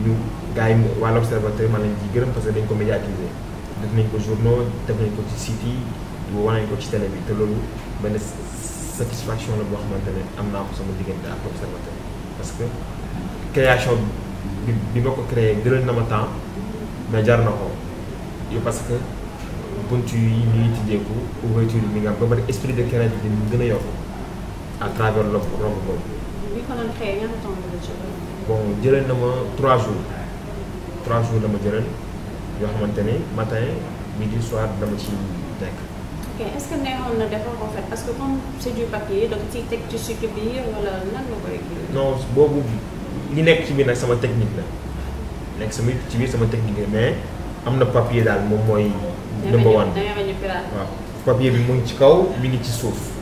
ñu gaa yi waa l'observateur man lañ ciy gërëm parce que dañ ko médiatiser def nañ ko journaux def nañ ko ci site yi wane nañ ko ci télé bi te loolu benn satisfaction la boo xamante ne am naa ko sama diggante ak l'observateur parce que création bi bi ko créé jëlal na ma temps mais jar na ko yow parce que bunt yu ñu ngi tijjeeku ouverture yi mi nga am ba pare esprit de créativité bi di gën a yokk à travers l'ombre boobu. la bon jëlee na ma trois jours trois jours dama jëlee yoo xamante ne matin midi soir dama ci nekk. ok est que na ci sucre boobu li nekk ci biir sama technique la nekk sama ci sama technique la mais am na papier daal moom mooy. number one waaw papier bi mu ngi ci kaw mi ngi ci suuf.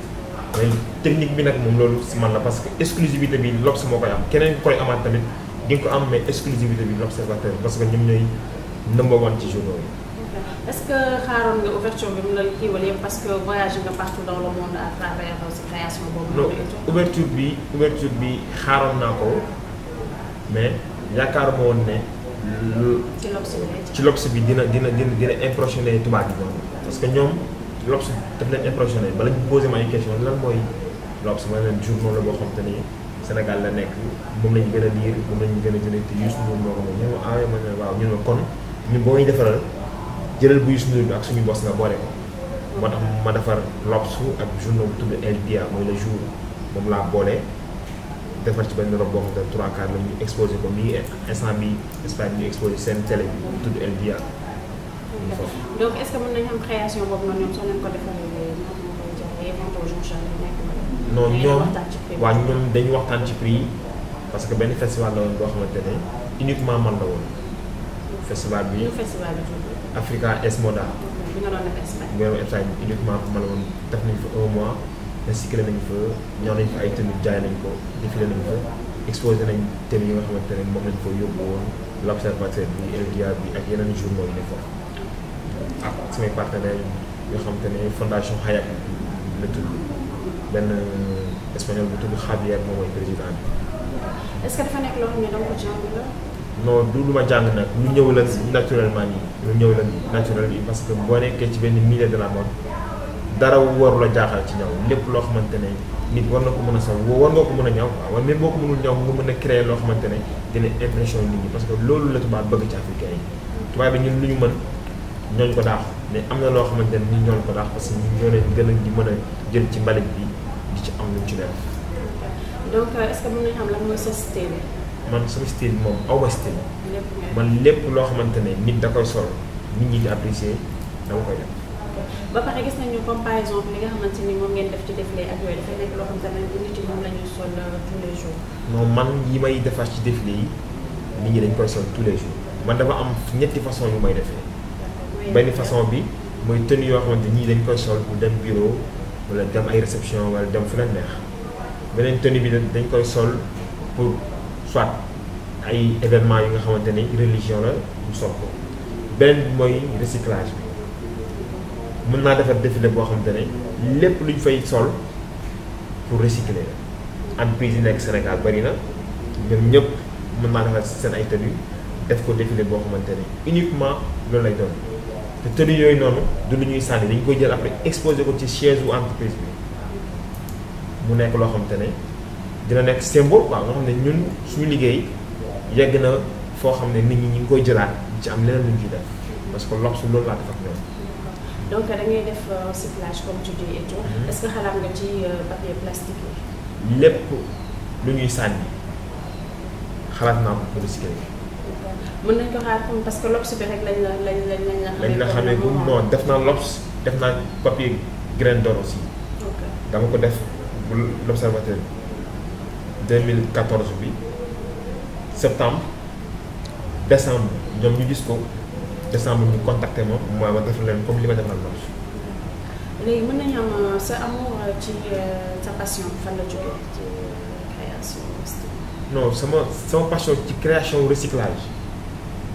mais technique bi nak mom loolu ci man la parce que exclusivité bi l'Obs moko am keneen koy amaat tamit di ko am mais exclusivité bi l'Observateur parce que ñoom ñoy number one ci journaux yi. est-ce que xaaroon nga ouverture bi mu la kiiwal yëpp parce que voyage nga partout dans le monde à travers euh, sa création boobu. non ouverture bi ouverture bi xaaroon naa ko mais yaakaaruma woon ne. ci l'Obs bi ci l'Obs bi dina dina dina dina impressionné tubaab yi parce que ñoom. L'Obs daf leen impressionné bala ñu posé ma ay question lan mooy L'Obs ma leen journal la boo xam te ni Sénégal la nekk moom lañ gën a liir moom lañ gën a jëlee te Youssou Ndour moo ko moom ñu ne ma ah ma ne waaw jëlal bu Youssou bi ak suñu bos nga moo tax ma defar L'Obs ak journal bu tudd El Dia mooy moom laa boole defar ci benn robe boo xam ne trois quarts la ñu exposé ko mi ngi instant bi Espagne ñu exposé seen télé bi tudd El donc est ce que mën noonu ñoom soo ñoom dañu waxtaan ci prix yi parce que benn festival la woon boo xamante ne uniquement man la woon. festival bi festival bi Africa Esmoda. bi nga mois recyclé nañ fa ñoo nañ nañ ko défilé nañ fa exposé nañ thème yi nga xamante ne moom lañ ko yóbbu woon l' observateur bi El bi ak yeneen journaux yi ne foofu. ak ah, suñuy partenaires yoo xam te ne fondation Hayat la tudd benn espagnol bu tudd Javier moom mooy président bi. est du lu ma jàng nag lu ñëw la naturellement nii lu ñëw la naturel yi parce que boo nekkee ci benn milieu de la mode waru la jaaxal ci ñaw lépp loo xamante ne nit war na ko mën a saw war nga ko mën a ñaw waaw wala même boo ko mënul loo xamante ne dina impression nit ñi parce que loolu la tubaab bëgg ci africain yi tubaab bi ñun lu ñu mën. ñooñ ko daax mais am na loo xamante ne ñi ñooñ ko daax parce que ñoo leen gën a di mën a jël ci mbalit bi di ci am luñ ci def. donc euh, est-ce moom lépp loo xamante ne nit da koy sol nit ñi di apprécier dama koy def. ba pare gis nañu comparaison bi nga xamante ni moom ngeen def ci défilé ak yooyu dafay nekk loo xam tamit nit yi moom la sol euh, tous les jours. non man yi may defar ci défilé yi nit ñi dañ koy sol tous les jours man dama am ñetti façon yu defee. benn façon bi mooy tenue yoo xamante ñii dañ koy sol bu dem bureau wala dem ay réception wala dem fu leen neex beneen tenue bi dañ koy sol pour soit ay événement yi nga xamante ni religion la ñu sol ko beneen bi mooy recyclage bi mën naa defar défilé boo xamante ne lépp luñ fay sol pour recycler la entreprise yi nekk Sénégal bari na ñoom ñëpp mën naa defar seen ay tenues def ko défilé boo xamante ne uniquement loolu lay doon te tëdd yooyu noonu du lu ñuy sànni dañ koy jël après exposé ko ci chaise ou entreprise bi mu nekk loo xamante ne dina nekk symbole waaw nga xam ne ñun suñu liggéey yegg na foo xam ne nit ñi ñu ngi koy jëlaat ci am leneen lu ñu ciy def parce que lox su loolu laa def ak ñoom. donc da ngay def euh, cyclage comme tu dis et tout. Mm-hmm. est-ce que xalaat nga ci euh, papier plastique yi. lépp lu ñuy sànni xalaat naa ko pour recycler mën nañ parce que lobs rek lañ la lañ lañ lobs d'or aussi. l'observateur 2014 septembre décembre ñoom ñu gis ko décembre contacté moom je ma def leen comme li ma defal lobs. léegi mën passion la création. non c'est sama passion la création recyclage.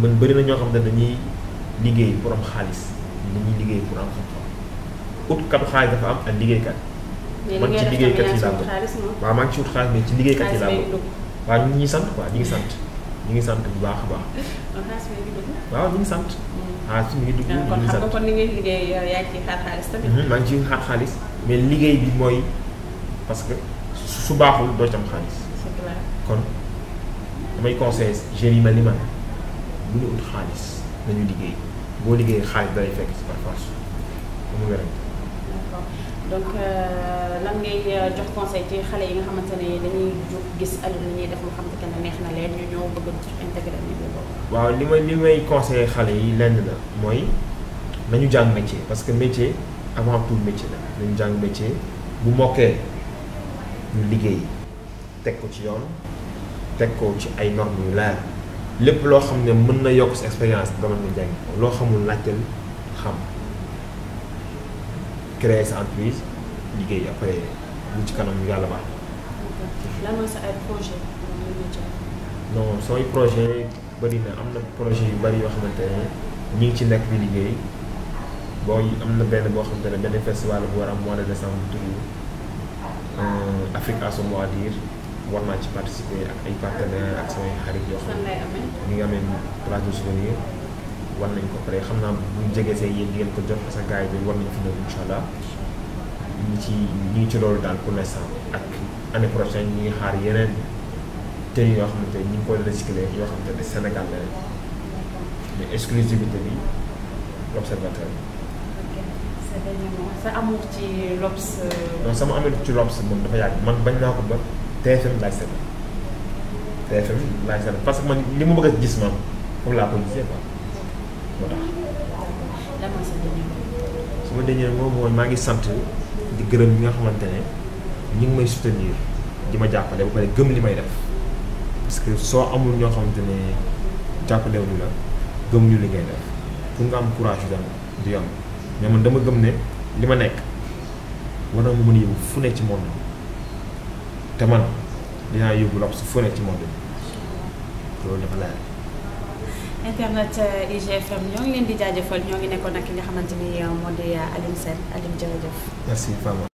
man bëri na ñoo xam ne dañuy liggéey pour am xaalis dañuy liggéey pour am xam-xam ut xaalis dafa am ak liggéeykat. man ci liggéeykat yi laa bokk waaw ci ut xaalis mais ci liggéeykat laa bokk waaw ñu ngi sant quoi ñu ngi sant ñu ngi sant bu baax a baax. ngi sant. ah xaalis maa ngi ciy xaar mais liggéey bi mooy parce que su baaxul doo ci am xaalis. kon damay conseillé jeunes yi mel ni man bu ñu ut xaalis nañu liggéey boo liggéey xaalis day fekk si par force mu werante donc euh, lan ngay euh, jox conseil ci xale yi nga xamante dañuy gis alal li ñuy def mu xam te ne neex na leen ñu ñëw bëgg ci xale yi lenn mooy nañu jàng métier parce que métier avant tout jàng métier bu mokkee ñu liggéey teg ko ci yoon teg ko ci ay normes yu leer lépp loo xam ne mën na yokk sa expérience dama nga jàng loo xamul laajteel xam créer sa entreprise liggéey après bu ci kanam yàlla baax lan mooy sa ay projet non sooy projet bëri na am na projet yu bari yoo xamante ne ñi ngi ci nekk bi liggéey boo am na benn boo xamante ne benn festival bu war am mois de décembre tudd Afrique à son mot à dire war naa ci participer ak ay partenaires ak samay xarit yoo xam ne nga amee place de souvenir war nañ ko pare xam naa bu jege see yéen di ngeen ko jot parce que bi war nañ fi ñëw incha allah ñi ci loolu daal pour l'instant ak année prochaine ñi ngi xaar yeneen te yoo xamante ñi ngi koy recycler ne Sénégal la rek mais exclusivité bi l'observateur sa amour ci l'obs. Euh, non sama amour ci l'obs moom dafa yàgg man bañ naa ko ba. TFM laaj seen TFM laaj seen parce que man li ma bëgg a gis man foofu laa ko gisee quoi moo tax. su ma dañee moom mooy maa ngi sant di gërëm ñi nga xamante ne ñu ngi may soutenir di ma jàppale ba pare gëm li may def parce que soo amul ñoo xamante ne jàppalewuñu la gëmuñu li ngay def pour nga am courage yu dem du yomb mais man dama gëm ne li ma nekk war na ma mën fu nekk ci monde te man dinaa yóbbu lox su fële ci monde bi loolu dafa laaj. Euh, ñoo ngi leen di jaajëfal ñoo ngi nekkoon ak ki nga xamante ni euh, moo di euh, Alioune Sène Alioune merci Fama.